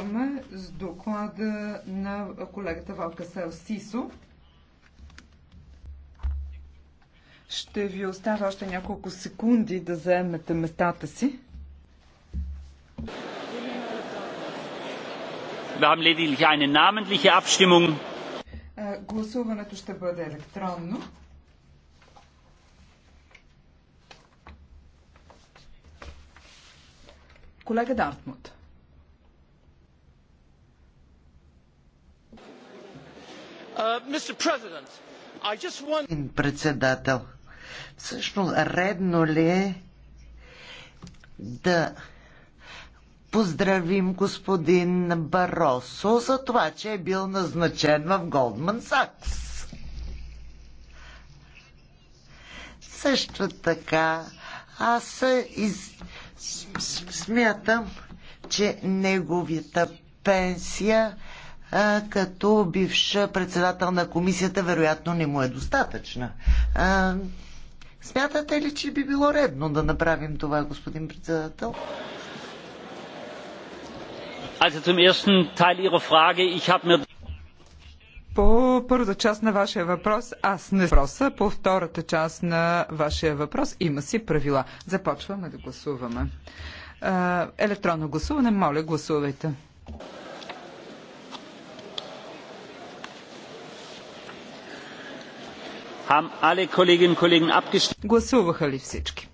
започваме с доклада на колегата Валка Сел Сисо. Ще ви оставя още няколко секунди да заемете местата си. Е, гласуването ще бъде електронно. Колега Дартмут. Uh, want... Председател, всъщност редно ли е да поздравим господин Баросо за това, че е бил назначен в Голдман Сакс? Също така, аз из... смятам, че неговата пенсия като бивш председател на комисията, вероятно не му е достатъчна. Смятате ли, че би било редно да направим това, господин председател? По първата част на вашия въпрос, аз не въпроса. По втората част на вашия въпрос има си правила. Започваме да гласуваме. Електронно гласуване, моля, гласувайте. Гласуваха ли всички?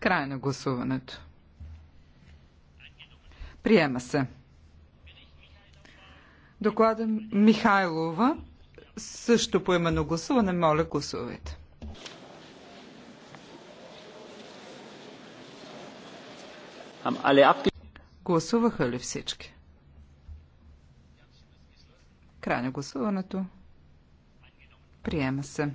Край на гласуването. Приема се. Доклада Михайлова също по именно гласуване. Моля, гласувайте. Гласуваха ли всички? Край на гласуването. Приема се.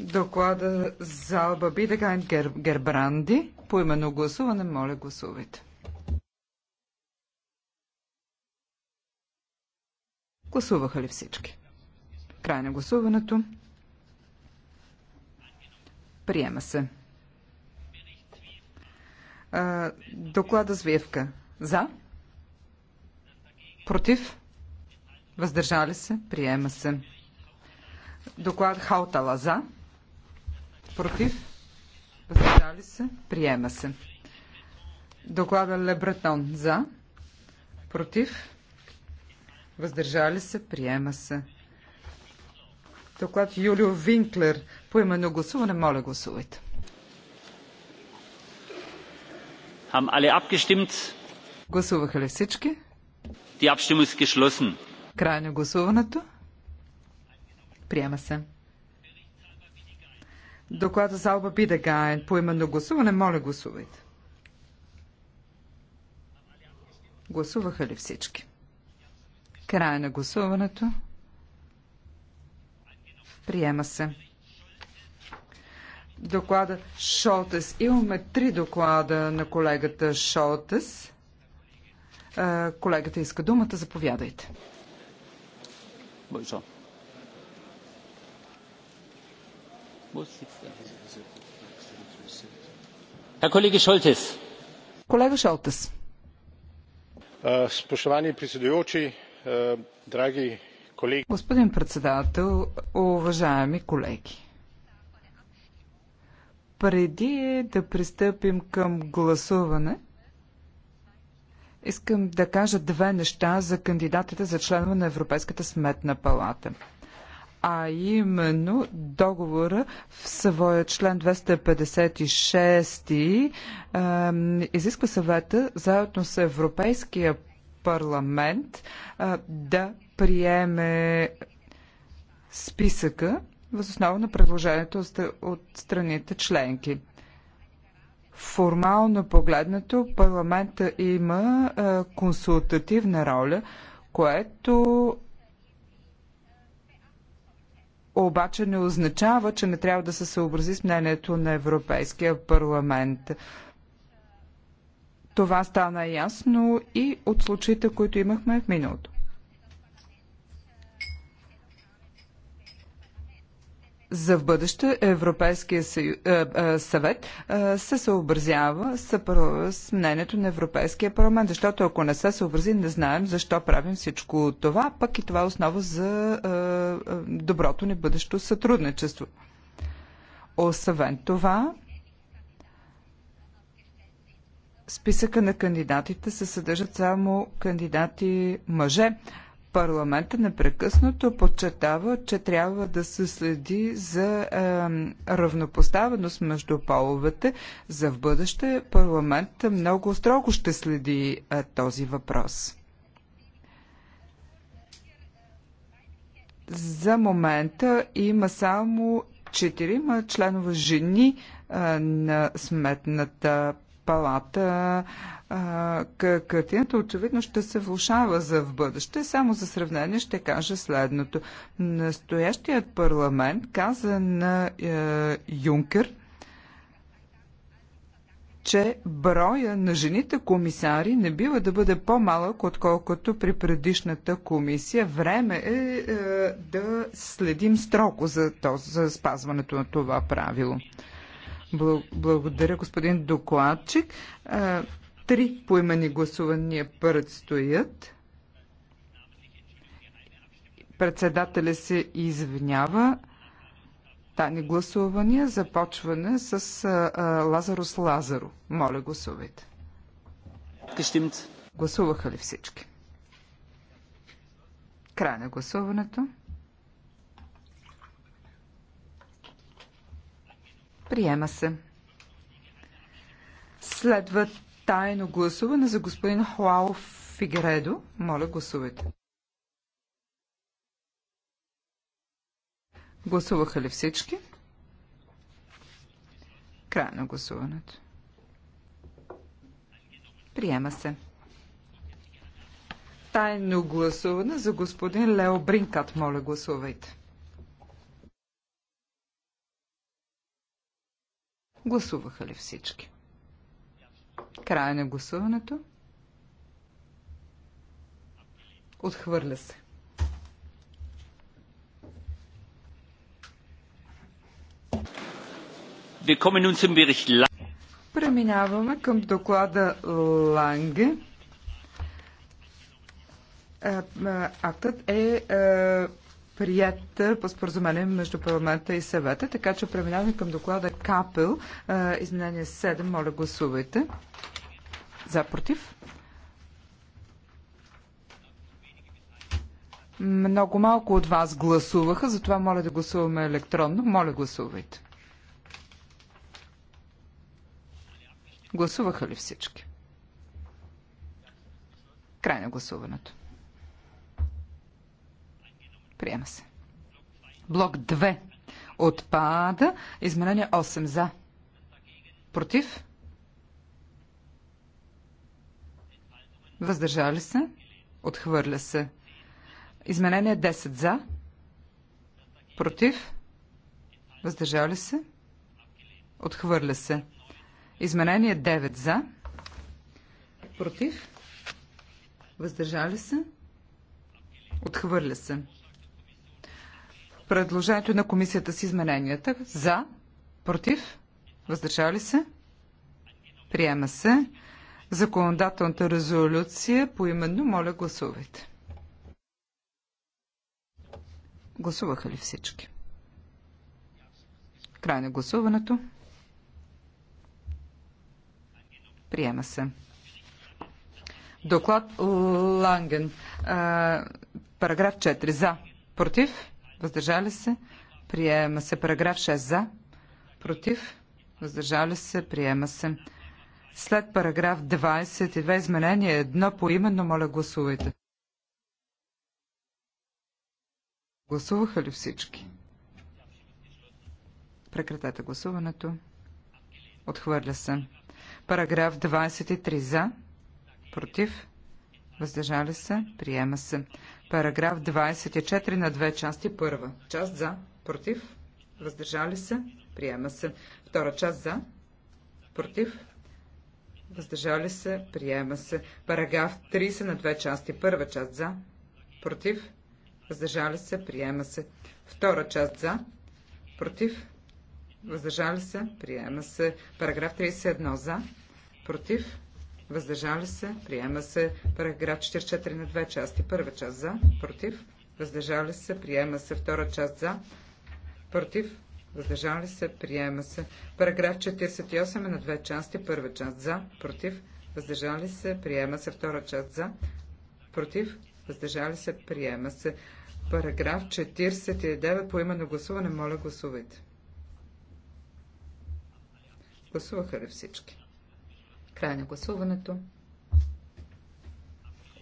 Доклада за Алба Бидегайн Гер, Гербранди. По именно гласуване, моля гласувайте. Гласуваха ли всички? Край на гласуването. Приема се. Доклада Звиевка. За? Против? Въздържали се? Приема се. Доклад Хаутала. За? Против? Въздържали се? Приема се. Доклада Лебретон. За? Против? Въздържали се? Приема се. Доклад Юлио Винклер. По именно гласуване, моля гласувайте. Haben alle abgestimmt? Гласуваха ли всички? Die Abstimmung ist geschlossen. Край на гласуването. Приема се. Доклада за Алба Бидегаен по именно гласуване, моля гласувайте. Гласуваха ли всички? Край на гласуването. Приема се доклада Шолтес. Имаме три доклада на колегата Шолтес. Колегата иска думата. Заповядайте. Е, Колега Шолтес. Spoštovani predsedujoči, драги колеги. Господин председател, уважаеми колеги. Преди да пристъпим към гласуване, искам да кажа две неща за кандидатите за членове на Европейската сметна палата а именно договора в своя член 256 изисква съвета заедно с Европейския парламент да приеме списъка възоснова на предложението от страните членки. Формално погледнато, парламента има е, консултативна роля, което обаче не означава, че не трябва да се съобрази с мнението на Европейския парламент. Това стана ясно и от случаите, които имахме в миналото. за в бъдеще Европейския съю... Е, е, съвет е, се съобразява с мнението на Европейския парламент, защото ако не се съобрази, не знаем защо правим всичко това, пък и това е основа за доброто ни бъдещо сътрудничество. Освен това, списъка на кандидатите се съдържат само кандидати мъже. Парламента непрекъснато подчертава, че трябва да се следи за е, равнопоставеност между половете. За в бъдеще парламент много строго ще следи е, този въпрос. За момента има само четирима членове жени е, на сметната палата. Е, картината очевидно ще се влушава за в бъдеще. Само за сравнение ще кажа следното. Настоящият парламент каза на е, Юнкер, че броя на жените комисари не бива да бъде по-малък, отколкото при предишната комисия. Време е, е да следим строго за, този, за спазването на това правило. Благодаря, господин докладчик. Е, Три поемани гласувания предстоят. Председателя се извинява. Тани гласувания започване с а, Лазарос Лазаро. Моля, гласувайте. Гласуваха ли всички? Край на гласуването. Приема се. Следват тайно гласуване за господин Хуао Фигредо. Моля, гласувайте. Гласуваха ли всички? Край на гласуването. Приема се. Тайно гласуване за господин Лео Бринкат. Моля, гласувайте. Гласуваха ли всички? Края на гласуването. Отхвърля се. Преминаваме към доклада Ланге. Е, е, актът е, е прият по споразумение между парламента и съвета, така че преминаваме към доклада Капел, изменение 7. Моля, гласувайте. За, против? Много малко от вас гласуваха, затова моля да гласуваме електронно. Моля, гласувайте. Гласуваха ли всички? Край на гласуването. Приема се. Блок 2 отпада. Изменение 8 за. Против? Въздържали се? Отхвърля се. Изменение 10 за. Против? Въздържали се? Отхвърля се. Изменение 9 за. Против? Въздържали се? Отхвърля се предложението на комисията с измененията. За, против, въздържали се, приема се. Законодателната резолюция по именно моля гласувайте. Гласуваха ли всички? Край на гласуването. Приема се. Доклад Ланген. Параграф 4. За. Против въздържали се, приема се. Параграф 6 за, против, въздържали се, приема се. След параграф 22 изменение е едно по именно, моля гласувайте. Гласуваха ли всички? Прекратете гласуването. Отхвърля се. Параграф 23 за, против, въздържали се, приема се. Параграф 24 на две части. Първа част за, против, въздържали се, приема се. Втора част за, против, въздържали се, приема се. Параграф 30 на две части. Първа част за, против, въздържали се, приема се. Втора част за, против, въздържали се, приема се. Параграф 31 за, против, въздържали се, приема се. Параграф 44 на две части. Първа част за, против, въздържали се, приема се. Втора част за, против, въздържали се, приема се. Параграф 48 на две части. Първа част за, против, въздържали се, приема се. Втора част за, против, въздържали се, приема се. Параграф 49 по на гласуване. Моля, гласувайте. Гласуваха ли всички? Край на гласуването.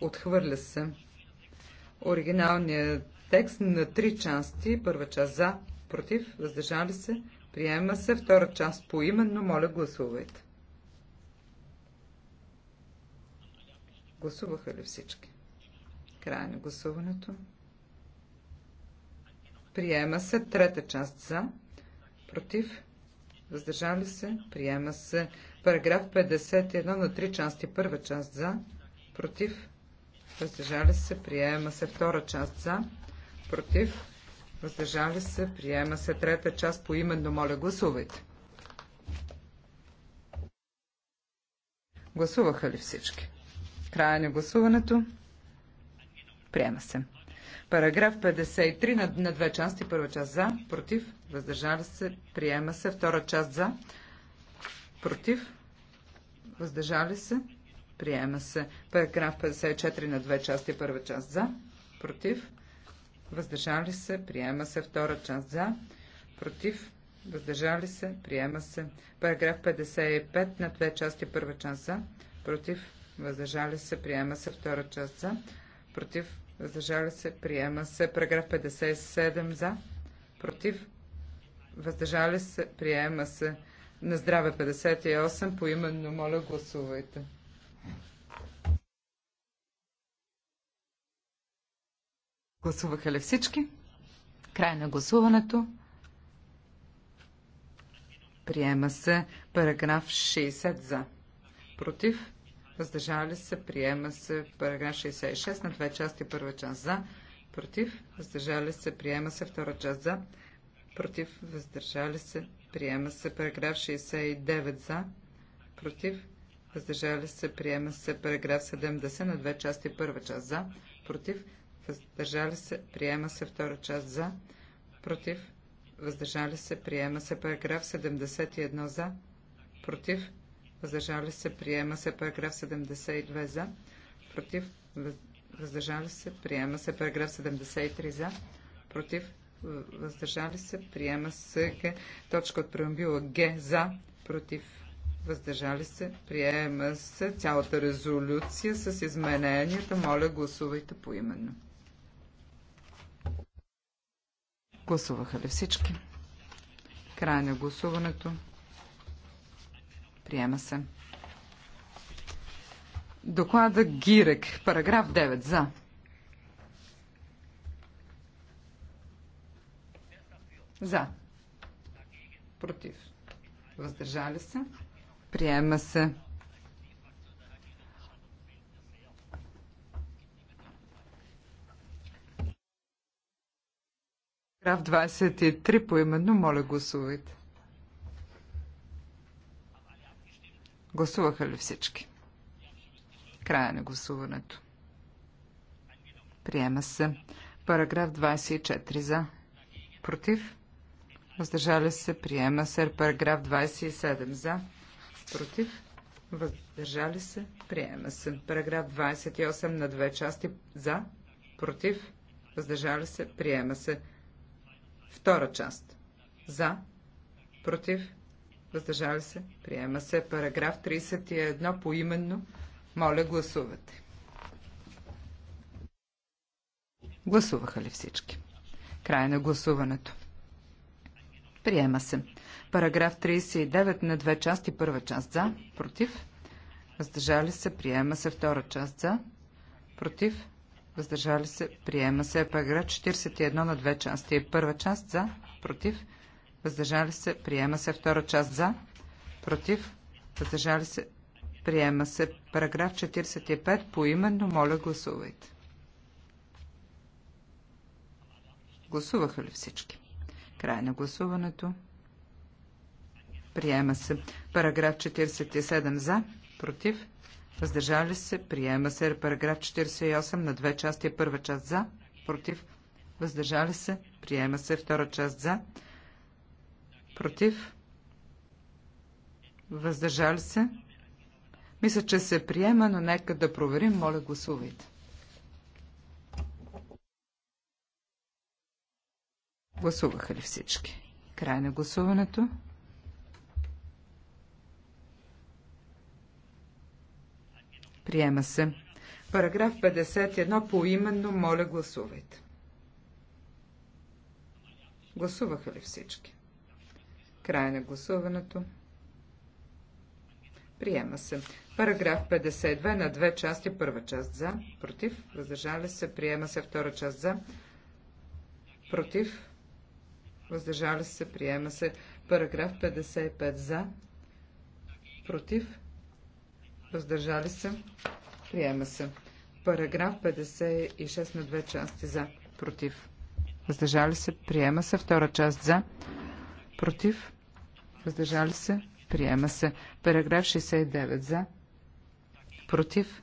Отхвърля се. Оригиналният текст на три части. Първа част за, против, въздържали се. Приема се. Втора част по именно. Моля, гласувайте. Гласуваха ли всички? Край на гласуването. Приема се. Трета част за, против, въздържали се. Приема се. Параграф 51 на три части. Първа част за, против, въздържали се, приема се. Втора част за, против, въздържали се, приема се. Трета част по именно, моля, гласувайте. Гласуваха ли всички? Края на гласуването. Приема се. Параграф 53 на, на две части. Първа част за, против, въздържали се, приема се. Втора част за, Против? Въздържали се? Приема се. Параграф 54 на две части. Първа част за. Против? Въздържали се? Приема се. Втора част за. Против? Въздържали се? Приема се. Параграф 55 на две части. Първа част за. Против? Въздържали се? Приема се. Втора част за. Против? Въздържали се? Приема се. Параграф 57 за. Против? Въздържали се? Приема се на здраве 58. Поименно, моля, гласувайте. Гласуваха ли всички? Край на гласуването. Приема се параграф 60 за. Против? Въздържали се. Приема се параграф 66 на две части. Първа част за. Против? Въздържали се. Приема се втора част за. Против? Въздържали се приема се параграф 69 за, против, въздържали се, приема се параграф 70 на две части, първа част за, против, въздържали се, приема се втора част за, против, въздържали се, приема се параграф 71 за, против, въздържали се, приема се параграф 72 за, против, въздържали се, приема се параграф 73 за, против, въздържали се, приема се. Точка от преамбюла Г за, против, въздържали се, приема се. Цялата резолюция с измененията, моля гласувайте поименно. Гласуваха ли всички? Край на гласуването. Приема се. Доклада Гирек, параграф 9 за. За. Против. Въздържали се. Приема се. Параграф 23 поименно, моля гласувайте. Гласуваха ли всички? Края на гласуването. Приема се. Параграф 24 за. Против? въздържали се, приема се. Параграф 27 за, против, въздържали се, приема се. Параграф 28 на две части за, против, въздържали се, приема се. Втора част за, против, въздържали се, приема се. Параграф 31 поименно, моля гласувате. Гласуваха ли всички? Край на гласуването. Приема се. Параграф 39 на две части. Първа част за. Против. Въздържали се. Приема се. Втора част за. Против. Въздържали се. Приема се. Параграф 41 на две части. Първа част за. Против. Въздържали се. Приема се. Втора част за. Против. Въздържали се. Приема се. Параграф 45. Поименно моля гласувайте. Гласуваха ли всички? Край на гласуването. Приема се. Параграф 47 за. Против. Въздържали се. Приема се. Параграф 48 на две части. Първа част за. Против. Въздържали се. Приема се. Втора част за. Против. Въздържали се. Мисля, че се приема, но нека да проверим. Моля, гласувайте. Гласуваха ли всички? Край на гласуването. Приема се. Параграф 51 поименно моля гласувайте. Гласуваха ли всички? Край на гласуването. Приема се. Параграф 52 на две части. Първа част за, против, въздържали се. Приема се втора част за, против, въздържали се, приема се. Параграф 55 за, против, въздържали се, приема се. Параграф 56 на две части за, против, въздържали се, приема се. Втора част за, против, въздържали се, приема се. Параграф 69 за, против,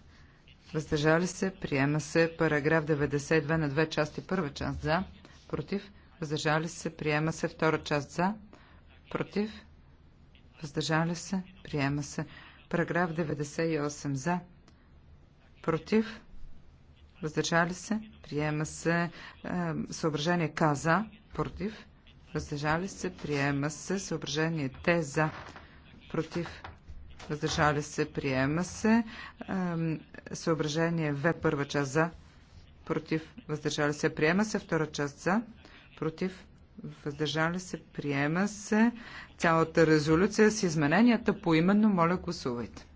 въздържали се, приема се. Параграф 92 на две части, първа част за, против, въздържали се, приема се. Втора част за, против, въздържали се, приема се. Параграф 98 за, против, въздържали се, приема се. Е, съображение К за, против, въздържали се, приема се. Съображение Т за, против, въздържали се, приема се. Е, съображение В първа част за, против, въздържали се, приема се. Втора част за, против, въздържали се, приема се цялата резолюция с измененията по именно. Моля, гласувайте.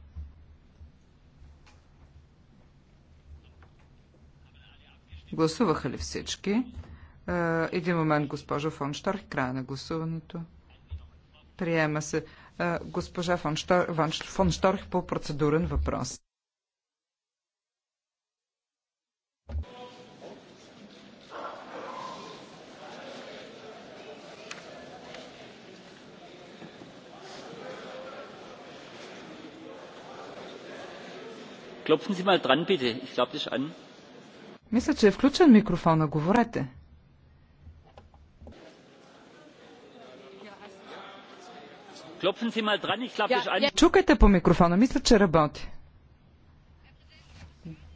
Гласуваха ли всички? Един момент, госпожо Шторх, края на гласуването. Приема се госпожа фон Фоншторх по процедурен въпрос. Ich das an. Мисля, че е включен микрофона. Говорете. Ich das an. Чукайте по микрофона. Мисля, че работи.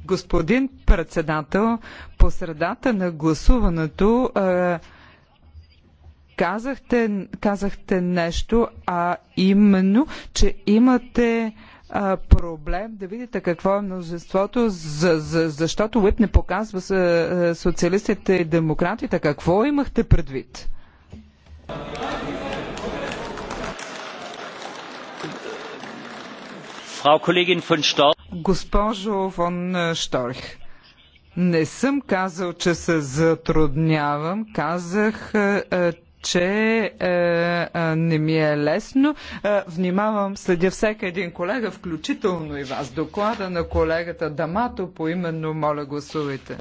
Господин председател, по средата на гласуването е, казахте, казахте нещо, а именно, че имате а, проблем да видите какво е множеството, за, за, защото Уип не показва са, социалистите и демократите. Какво имахте предвид? Госпожо фон Шторих, не съм казал, че се затруднявам. Казах, че е, е, не ми е лесно. Е, внимавам, следя всеки един колега, включително и вас. Доклада на колегата Дамато по именно моля гласувайте.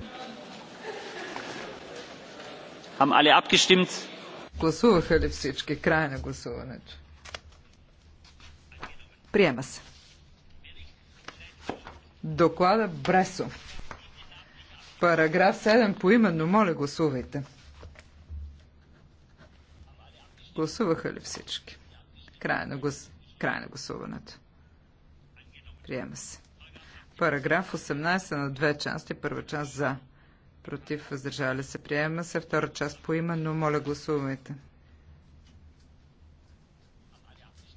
Гласуваха ли всички? Край на гласуването. Приема се. Доклада Бресо. Параграф 7 по именно. Моля, гласувайте. Гласуваха ли всички? Край на, глас... Край на гласуването. Приема се. Параграф 18 на две части. Първа част за. Против въздържали се. Приема се. Втора част по име, но Моля гласувайте.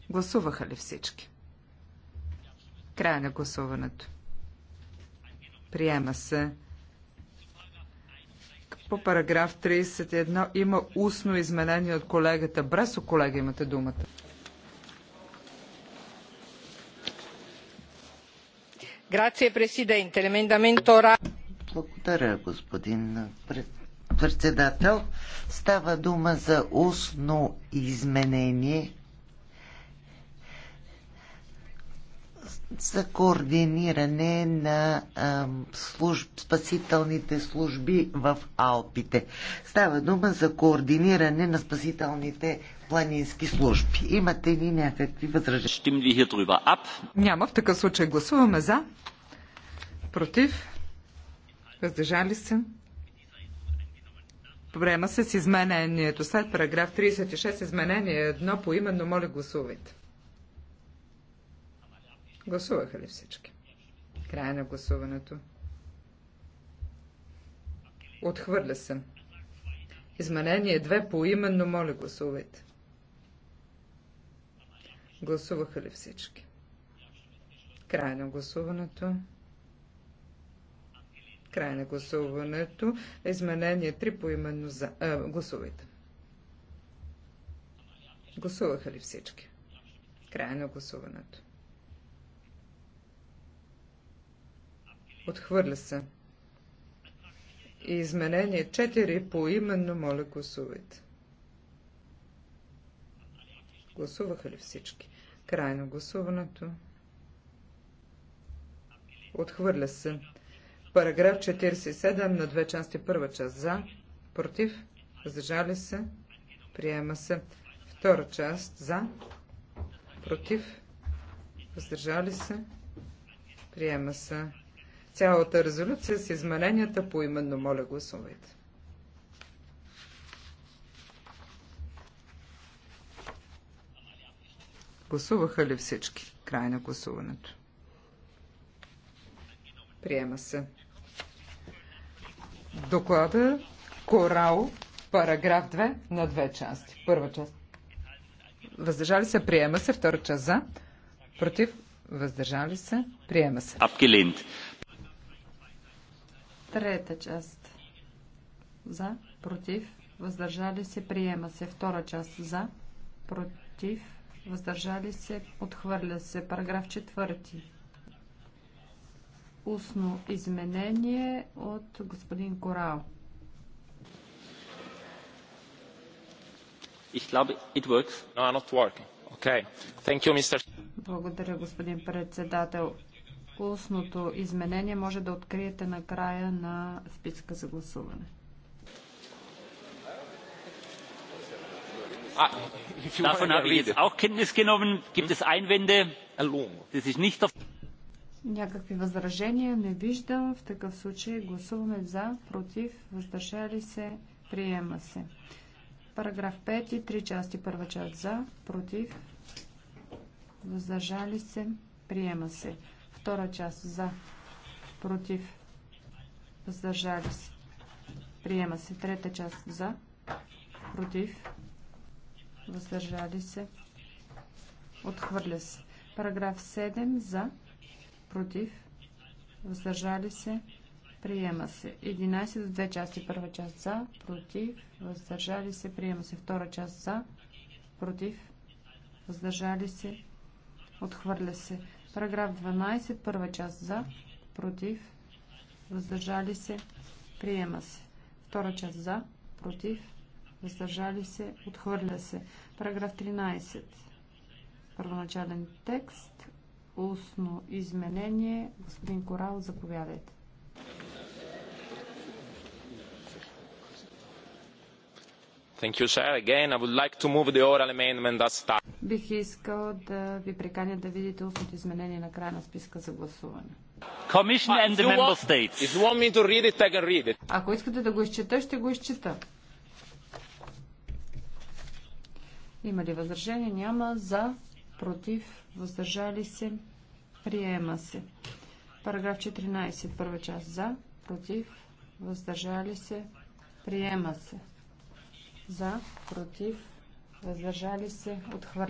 Гласуваха ли всички? Край на гласуването. Приема се. По параграф 31 има устно изменение от колегата Бресо. Колега, имате думата. Благодаря, господин председател. Става дума за устно изменение за координиране на а, служб, спасителните служби в Алпите. Става дума за координиране на спасителните планински служби. Имате ли някакви възражения? Няма. В такъв случай гласуваме за. Против. Въздържали се. Време се с изменението след параграф 36, изменение едно по именно, моля гласувайте. Гласуваха ли всички? Края на гласуването. Отхвърля се. Изменение 2 по именно моля гласувайте. Гласуваха ли всички? Край на гласуването. Край на гласуването. Изменение три по именно за... А, гласувайте. Гласуваха ли всички? Край на гласуването. Отхвърля се. И Изменение 4 по именно моля гласувайте. Гласуваха ли всички? Край на гласуването. Отхвърля се. Параграф 47 на две части. Първа част за, против, въздържали се, приема се. Втора част за, против, въздържали се, приема се цялата резолюция с измененията по именно. Моля, гласувайте. Гласуваха ли всички? Край на гласуването. Приема се. Доклада Корал, параграф 2 на две части. Първа част. Въздържали се, приема се. Втора част за. Против, въздържали се, приема се. Абгелент. Трета част. За, против, въздържали се, приема се. Втора част. За, против, въздържали се, отхвърля се. Параграф четвърти. Устно изменение от господин Корал. Ich glaube, it works. No, not working. Okay. Thank you, Mr. Благодаря, господин председател устното изменение може да откриете на края на списка за гласуване. Някакви възражения не виждам. В такъв случай гласуваме за, против, въздържали се, приема се. Параграф 5 и 3 части. Първа част за, против, въздържали се, приема се. Втора част за. Против. Въздържали се. Приема се. Трета част за. Против. Въздържали се. Отхвърля се. Параграф 7 за. Против. Въздържали се. Приема се. 11 до 2 части. Първа част за. Против. Въздържали се. Приема се. Втора част за. Против. Въздържали се. Отхвърля се. Параграф 12, първа част за, против, въздържали се, приема се. Втора част за, против, въздържали се, отхвърля се. Параграф 13, първоначален текст, устно изменение. Господин Корал, заповядайте. Thank you, sir. Again, I would like to move the oral amendment starts. Бих искал да ви приканя да видите устното изменение на края на списка за гласуване. It, Ако искате да го изчета, ще го изчета. Има ли възражение? Няма. За, против, въздържали се, приема се. Параграф 14, първа част. За, против, въздържали се, приема се. За, против, се.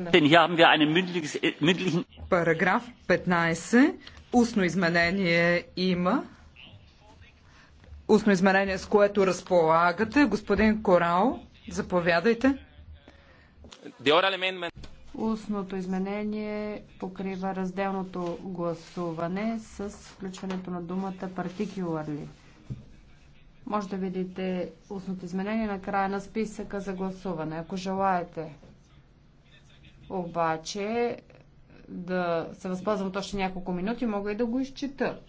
Äh, Параграф 15. Устно изменение има. Устно изменение, с което разполагате. Господин Корал, заповядайте. Устното изменение покрива разделното гласуване с включването на думата particularly. Може да видите устното изменение на края на списъка за гласуване, ако желаете. Обаче да се възползвам точно няколко минути, мога и да го изчета.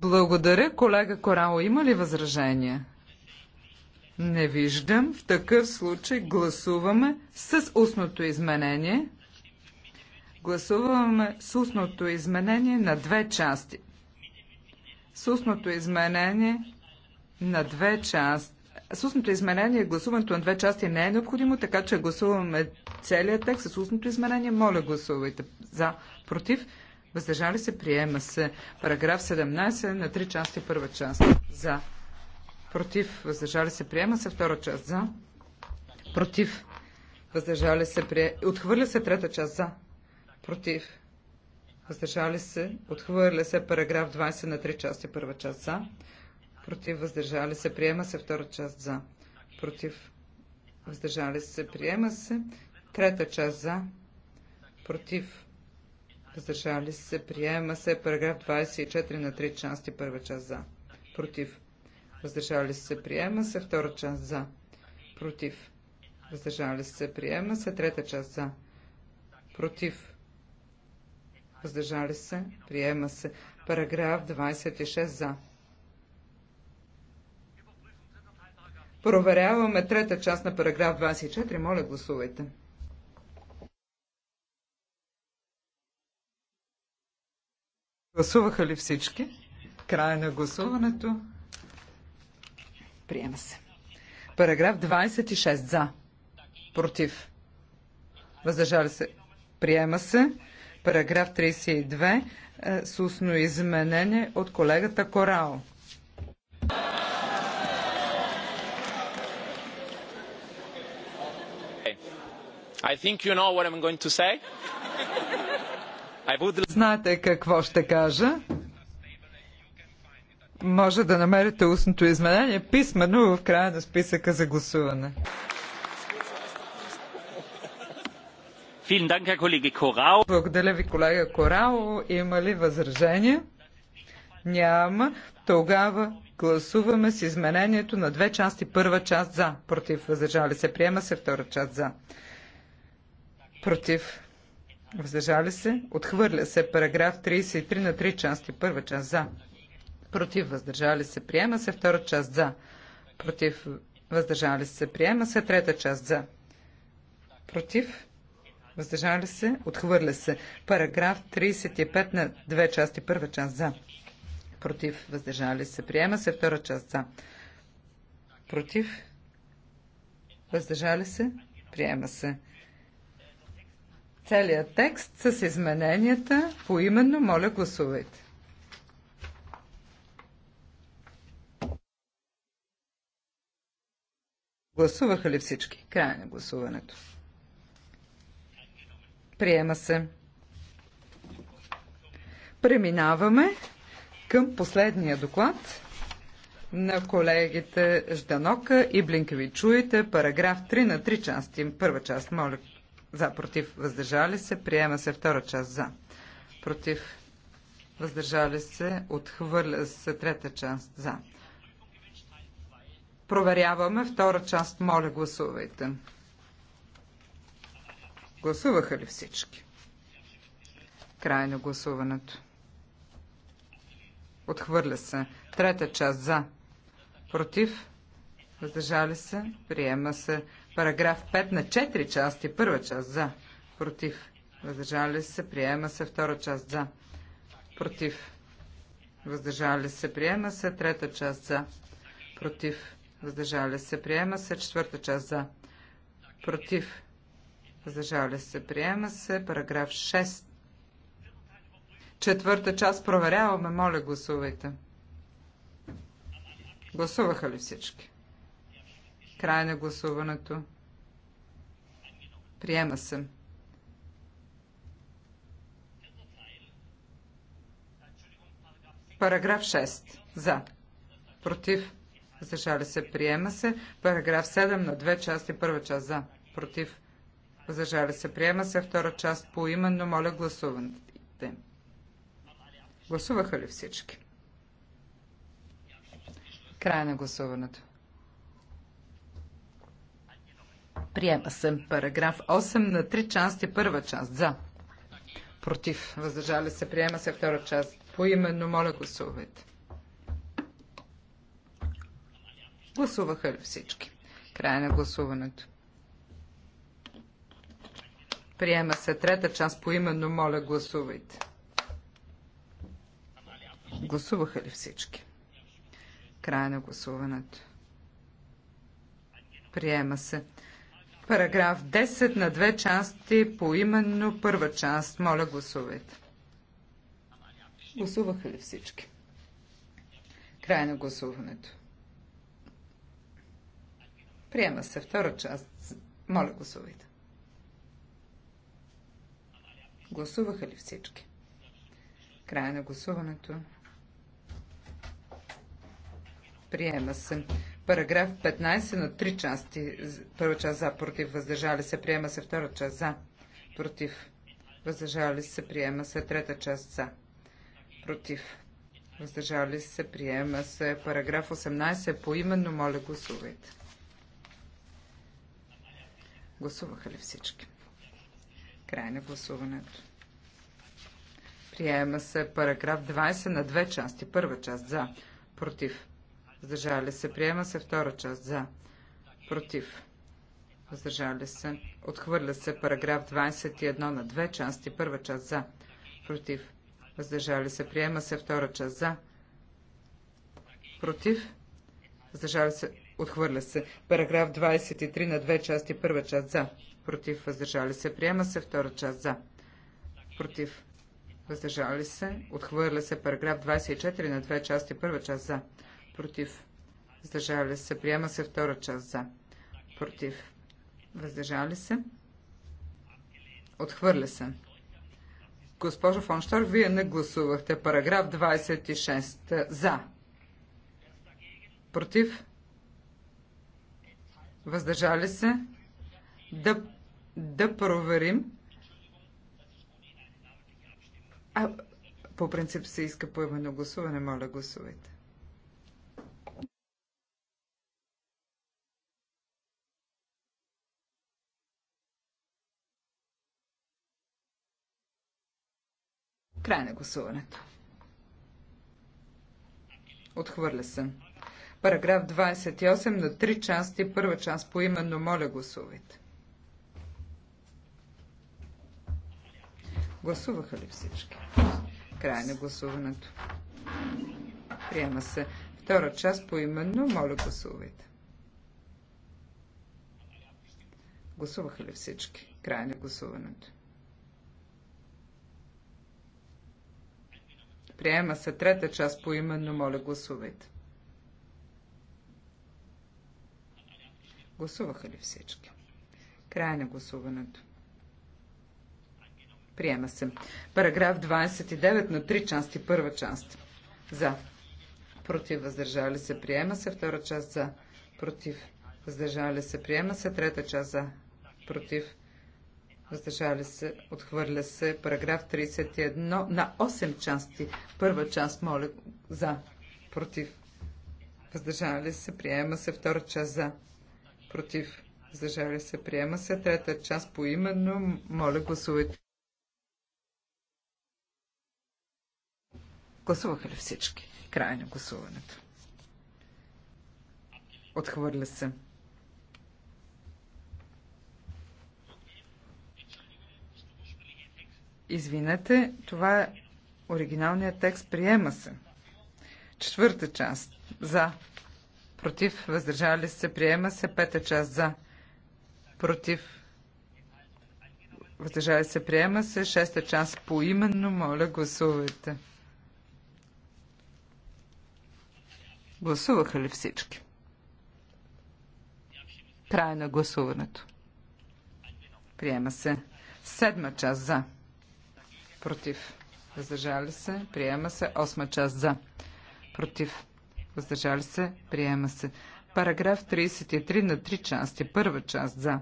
Благодаря, колега Корао. Има ли възражения? Не виждам. В такъв случай гласуваме с устното изменение. Гласуваме с устното изменение на две части с устното изменение на две части. С устното изменение гласуването на две части не е необходимо, така че гласуваме целият текст с устното изменение. Моля, гласувайте за, против, въздържали се, приема се. Параграф 17 на три части, първа част за, против, въздържали се, приема се, втора част за, против, въздържали се, прие... отхвърля се трета част за, против, въздържали се, отхвърля се параграф 20 на 3 части, първа част за, против, въздържали се, приема се, втора част за, против, въздържали се, приема се, трета част за, против, въздържали се, приема се, параграф 24 на 3 части, първа част за, против, въздържали се, приема се, втора част за, против, въздържали се, приема се, трета част за, против, въздържали се, приема се. Параграф 26 за. Проверяваме трета част на параграф 24. Моля, гласувайте. Гласуваха ли всички? Края на гласуването. Приема се. Параграф 26. За. Против. Въздържали се. Приема се. Параграф 32 е, с устно изменение от колегата Корао. I think you know what I'm going to say. I would... Знаете какво ще кажа? Може да намерите устното изменение писмено в края на списъка за гласуване. Благодаря ви, колега Корао. Има ли възражения? Няма. Тогава гласуваме с изменението на две части. Първа част за, против, въздържали се. Приема се втора част за. Против, въздържали се. Отхвърля се параграф 33 на три части. Първа част за. Против, въздържали се. Приема се втора част за. Против, въздържали се. Приема се трета част за. Против, въздържали се, отхвърля се. Параграф 35 на две части. Първа част за, против, въздържали се, приема се. Втора част за, против, въздържали се, приема се. Целият текст с измененията поименно, моля, гласувайте. Гласуваха ли всички? Край на гласуването. Приема се. Преминаваме към последния доклад на колегите Жданока и Блинкеви. Чуете параграф 3 на 3 части. Първа част, моля, за, против, въздържали се. Приема се втора част, за, против, въздържали се. Отхвърля се трета част, за. Проверяваме втора част, моля, гласувайте. Гласуваха ли всички? Край на гласуването. Отхвърля се. Трета част за. Против. Въздържали се. Приема се. Параграф 5 на 4 части. Първа част за. Против. Въздържали се. Приема се. Втора част за. Против. Въздържали се. Приема се. Трета част за. Против. Въздържали се. Приема се. Четвърта част за. Против. Въздържали се. Приема се. Параграф 6. Четвърта част проверяваме. Моля, гласувайте. Гласуваха ли всички? Край на гласуването. Приема се. Параграф 6. За. Против. Въздържали се. Приема се. Параграф 7 на две части. Първа част за. Против. Въздържали се. Приема се втора част по именно. Моля гласувайте. Гласуваха ли всички? Край на гласуването. Приема се параграф 8 на 3 части. Първа част за. Против. Въздържали се. Приема се втора част. По именно моля гласувайте. Гласуваха ли всички? Край на гласуването. Приема се трета част по именно. Моля, гласувайте. Гласуваха ли всички? Края на гласуването. Приема се. Параграф 10 на две части по именно първа част. Моля, гласувайте. Гласуваха ли всички? Края на гласуването. Приема се втора част. Моля, гласувайте. Гласуваха ли всички? Края на гласуването. Приема се. Параграф 15 на три части. Първа част за, против, въздържали се. Приема се втора част за, против, въздържали се. Приема се трета част за, против, въздържали се. Приема се. Параграф 18 поименно. Моля, гласувайте. Гласуваха ли всички? Край на гласуването. Приема се параграф 20 на две части. Първа част за. Против. Въздържали се. Приема се втора част за. Против. Въздържали се. Отхвърля се параграф 21 на две части. Първа част за. Против. Въздържали се. Приема се втора част за. Против. Въздържали се. Отхвърля се. Параграф 23 на две части. Първа част за. Против. Въздържали се. Приема се. Втора част за. Против. Въздържали се. Отхвърля се. Параграф 24 на две части. Първа част за. Против. Въздържали се. Приема се. Втора част за. Против. Въздържали се. Отхвърля се. Госпожо Фонштор, вие не гласувахте. Параграф 26. За. Против въздържали се, да, да проверим. А, по принцип се иска поименно гласуване, моля гласувайте. Край на гласуването. Отхвърля се. Параграф 28 на три части. Първа част по именно моля гласувайте. Гласуваха ли всички? Край на гласуването. Приема се. Втора част по именно моля гласувайте. Гласуваха ли всички? Край на гласуването. Приема се трета част по именно моля гласувайте. Гласуваха ли всички? Край на гласуването. Приема се. Параграф 29 на 3 части. Първа част. За. Против. Въздържали се. Приема се. Втора част. За. Против. Въздържали се. Приема се. Трета част. За. Против. Въздържали се. Отхвърля се. Параграф 31 на 8 части. Първа част. Моля. За. Против. Въздържали се. Приема се. Втора част. За против, въздържали се, приема се. Трета част по именно, моля гласувайте. Гласуваха ли всички? Край на гласуването. Отхвърля се. Извинете, това е оригиналният текст. Приема се. Четвърта част. За против, въздържали се, приема се. Пета част за, против, въздържали се, приема се. Шеста част поименно, моля, гласувайте. Гласуваха ли всички? Край на гласуването. Приема се. Седма част за. Против. Въздържали се. Приема се. Осма част за. Против въздържали се, приема се. Параграф 33 на три части. Първа част за,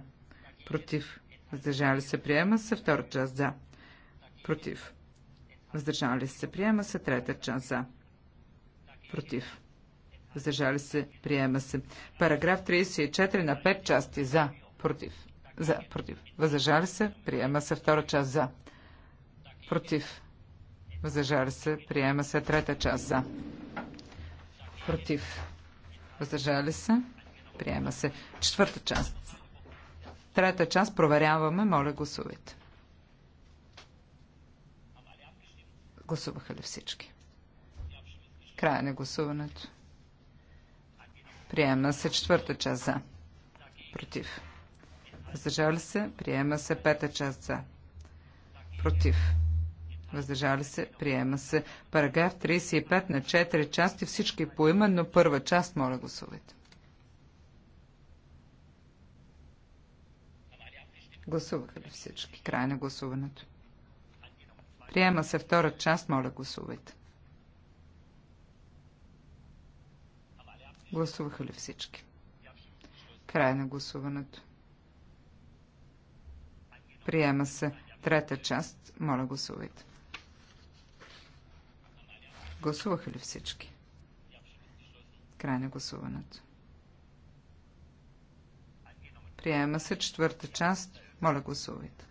против, въздържали се, приема се. Втора част за, против, въздържали се, приема се. Трета част за, против, въздържали се, приема се. Параграф 34 на пет части за, против, за, против, въздържали се, приема се. Втора част за, против, въздържали се, приема се. Трета част за Против. Въздържали се. Приема се. Четвърта част. Трета част проверяваме. Моля, гласувайте. Гласуваха ли всички? Края на гласуването. Приема се четвърта част за. Против. Въздържали се. Приема се пета част за. Против въздържали се, приема се. Параграф 35 на 4 части, всички поименно, първа част, моля гласувайте. Гласуваха ли всички? Край на гласуването. Приема се втора част, моля гласувайте. Гласуваха ли всички? Край на гласуването. Приема се трета част, моля гласувайте. Гласуваха ли всички? Край на гласуването. Приема се четвърта част. Моля, гласувайте.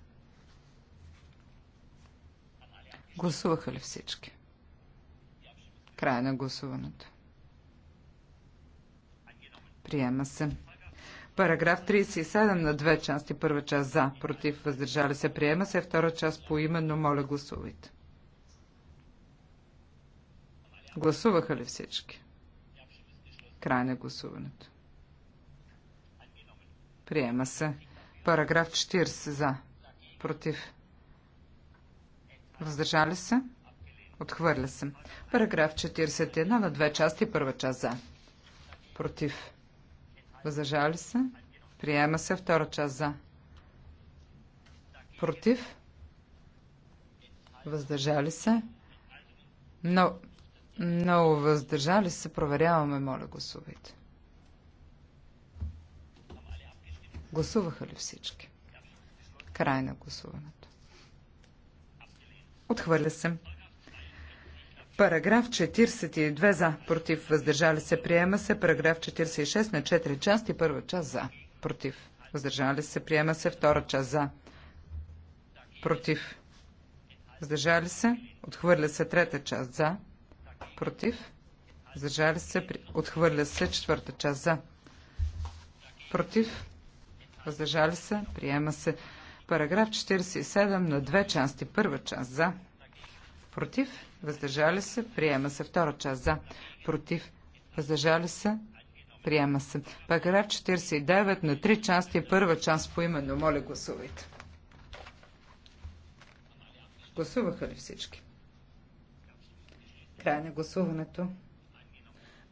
Гласуваха ли всички? Край на гласуването. Приема се. Параграф 37 на две части. Първа част за, против, въздържали се. Приема се. Втора част по именно. Моля, гласувайте. Гласуваха ли всички? Край на гласуването. Приема се. Параграф 40 за. Против. Въздържали се? Отхвърля се. Параграф 41 на две части. Първа част за. Против. Въздържали се? Приема се. Втора част за. Против. Въздържали се? Но много въздържали се. Проверяваме. Моля, гласувайте. Гласуваха ли всички? Край на гласуването. Отхвърля се. Параграф 42 за, против, въздържали се, приема се. Параграф 46 на 4 части, първа част за, против, въздържали се, приема се. Втора част за, против, въздържали се, отхвърля се. Трета част за, против, въздържали се, отхвърля се, четвърта част за, против, въздържали се, приема се. Параграф 47 на две части. Първа част за, против, въздържали се, приема се. Втора част за, против, въздържали се, приема се. Параграф 49 на три части. Първа част по именно. Моля, гласувайте. Гласуваха ли всички? Край на гласуването.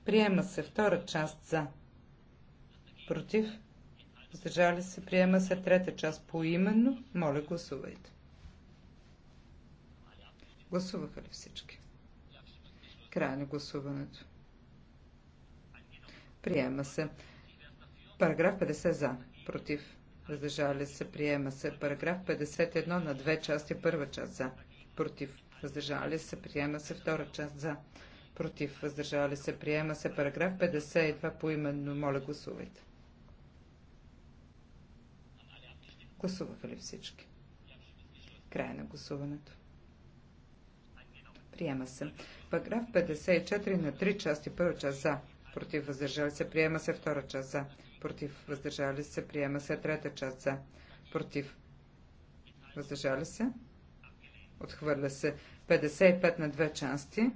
Приема се втора част за. Против. Въздържали се. Приема се трета част по именно. Моля, гласувайте. Гласуваха ли всички? Край на гласуването. Приема се. Параграф 50 за. Против. Въздържали се. Приема се. Параграф 51 на две части. Първа част за. Против въздържали се, приема се. Втора част за, против, въздържали се, приема се. Параграф 52 по именно. Моля, гласувайте. Гласуваха ли всички? Край на гласуването. Приема се. Параграф 54 на 3 части. Първа част за. Против въздържали се. Приема се. Втора част за. Против въздържали се. Приема се. Трета част за. Против въздържали се. Отхвърля се 55 на две части.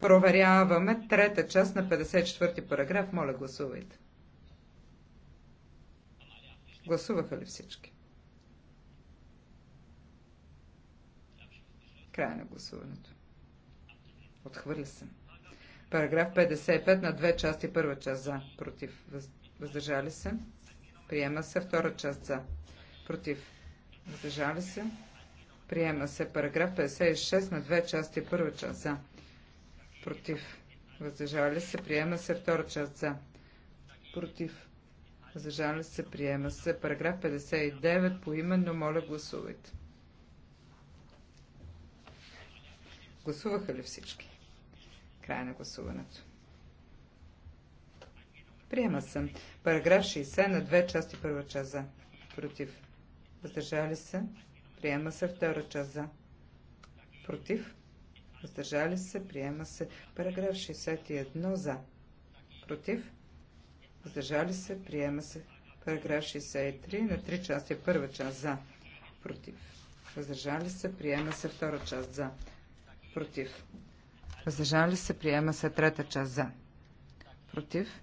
Проверяваме трета част на 54 параграф. Моля, гласувайте. Гласуваха ли всички? Край на гласуването. Отхвърля се. Параграф 55 на две части. Първа част за, против, въздържали се. Приема се втора част за, против, въздържали се. Приема се параграф 56 на две части. Първа част за. Против. Въздържали се. Приема се втора част за. Против. Въздържали се. Приема се. Параграф 59 по именно. Моля гласувайте. Гласуваха ли всички? Край на гласуването. Приема се. Параграф 60 на две части. Първа част за. Против. Въздържали се. Приема се втора част за. Против. Въздържали се. Приема се. Параграф 61 за. Против. Въздържали се. Приема се. Параграф 63 на три части. Първа част за. Против. Въздържали се. Приема се. Втора част за. Против. Въздържали се. Приема се. Трета част за. Против.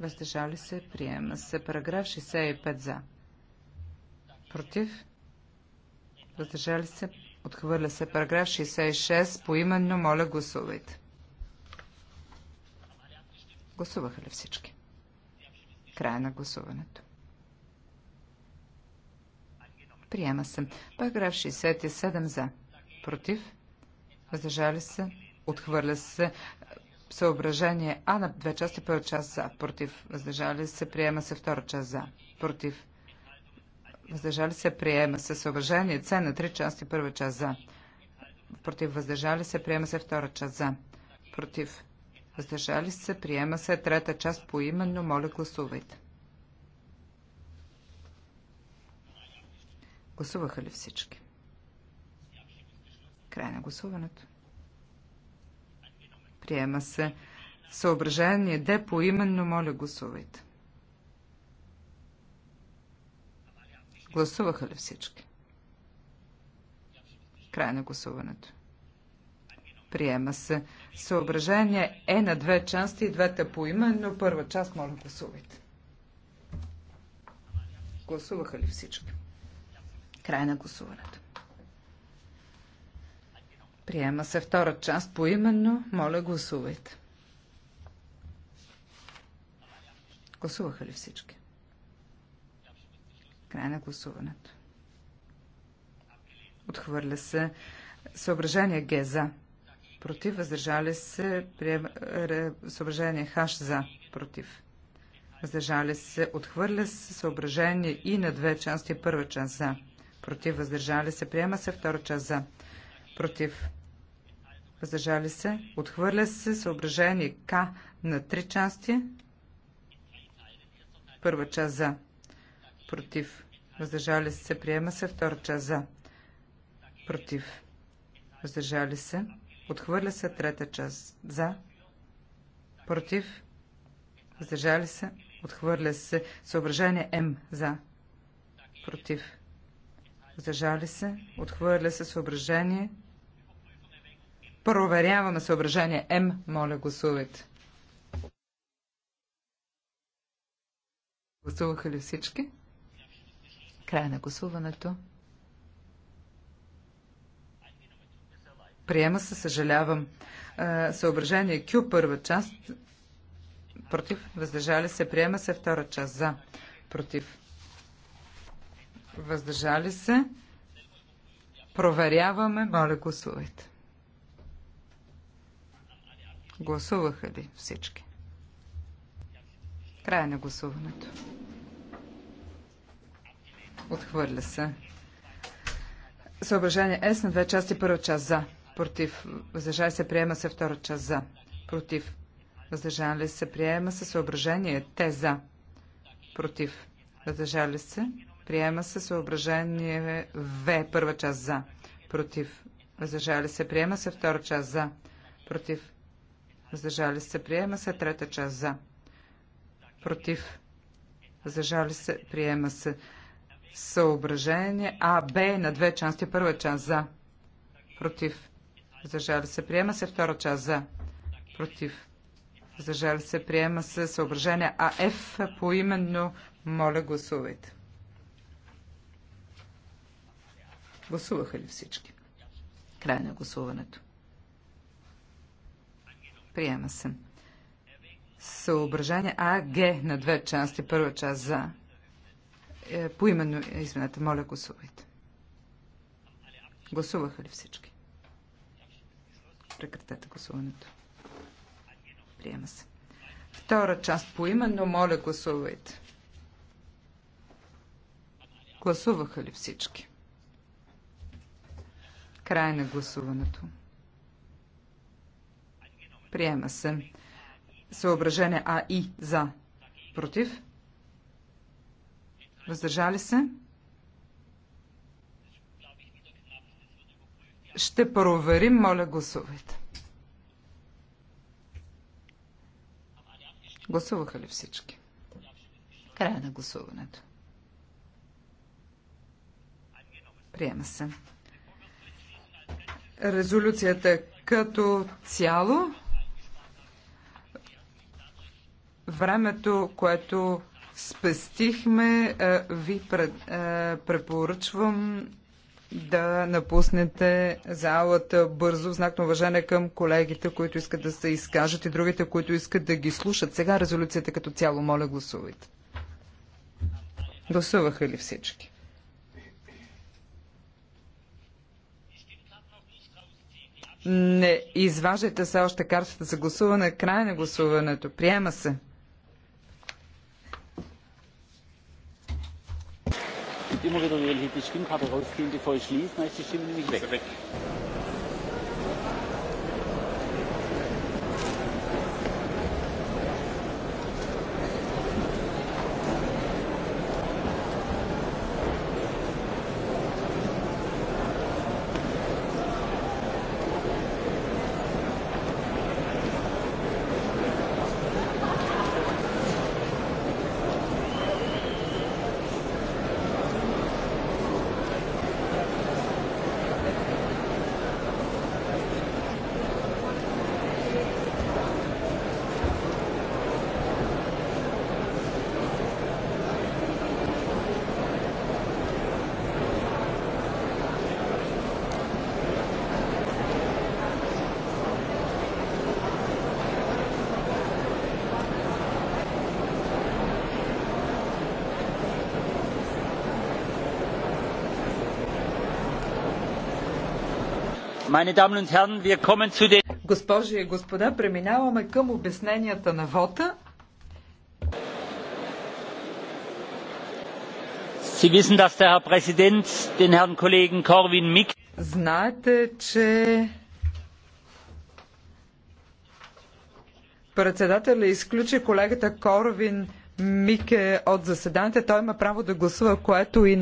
Въздържали се. Приема се. Параграф 65 за. Против. Въздържали се? Отхвърля се. Параграф 66. Поименно, моля, гласувайте. Гласуваха ли всички? Края на гласуването. Приема се. Параграф 67 за. Против? Въздържали се? Отхвърля се. Съображение А на две части, първа част за. Против? Въздържали се? Приема се втора част за. Против? въздържали се, приема се. уважение цена на три части, първа част за. Против, въздържали се, приема се, втора част за. Против, въздържали се, приема се, трета част по именно, моля гласувайте. Гласуваха ли всички? Край на гласуването. Приема се. Съображение Д по именно, моля гласувайте. Гласуваха ли всички? Край на гласуването. Приема се. Съображение е на две части и двете по име, но първа част, моля, гласувайте. Гласуваха ли всички? Край на гласуването. Приема се втора част по именно. Моля, гласувайте. Гласуваха ли всички? Край на гласуването. Отхвърля се. Съображение Г за. Против. Въздържали се. Прием... Съображение Х за. Против. Въздържали се. Отхвърля се. Съображение и на две части. Първа част за. Против. Въздържали се. Приема се. Втора част за. Против. Въздържали се. Отхвърля се. Съображение К на три части. Първа част за против, въздържали се, приема се. Втора част за, против, въздържали се, отхвърля се. Трета част за, против, въздържали се, отхвърля се. Съображение М за, против, въздържали се, отхвърля се. Съображение Проверяваме съображение М. Моля, гласувайте. Гласуваха ли всички? Край на гласуването. Приема се, съжалявам. Съображение Q, първа част. Против. Въздържали се. Приема се втора част. За. Против. Въздържали се. Проверяваме. Моля, гласувайте. Гласуваха ли всички? Край на гласуването. Отхвърля се. Съображение С на две части. Първа част за. Против. Въздържа се. Приема се. Втора част за. Против. Въздържали се. Приема се. Съображение Т за. Против. Въздържали се. Приема се. Съображение В. Първа част за. Против. ли се. Приема се. Втора част за. Против. ли се. Приема се. Трета част за. Против. ли се. Приема се съображение А, Б на две части. Първа част за, против, Зажали се, приема се. Втора част за, против, Зажали се, приема се. Съображение А, Ф поименно. Моля, гласувайте. Гласуваха ли всички? Край на гласуването. Приема се. Съображение А, Г на две части. Първа част за, е, поименно, извинете, моля гласувайте. Гласуваха ли всички? Прекратете гласуването. Приема се. Втора част по моля гласувайте. Гласуваха ли всички? Край на гласуването. Приема се. Съображение А и за. Против? Въздържали се? Ще проверим. Моля, гласувайте. Гласуваха ли всички? Края на гласуването. Приема се. Резолюцията като цяло, времето, което спестихме, е, ви е, препоръчвам да напуснете залата бързо, в знак на уважение към колегите, които искат да се изкажат и другите, които искат да ги слушат. Сега резолюцията като цяло, моля, гласувайте. Гласуваха ли всички? Не изваждайте се още картата за гласуване. Край на гласуването. Приема се. immer wieder wenn ich die Stimmkarte rausziehe, bevor ich schließe. Dann ist die Stimme nämlich weg. Госпожи и господа, преминаваме към обясненията на вота. Знаете, че председателя изключи колегата Корвин Мике от заседанието. Той има право да гласува, което и на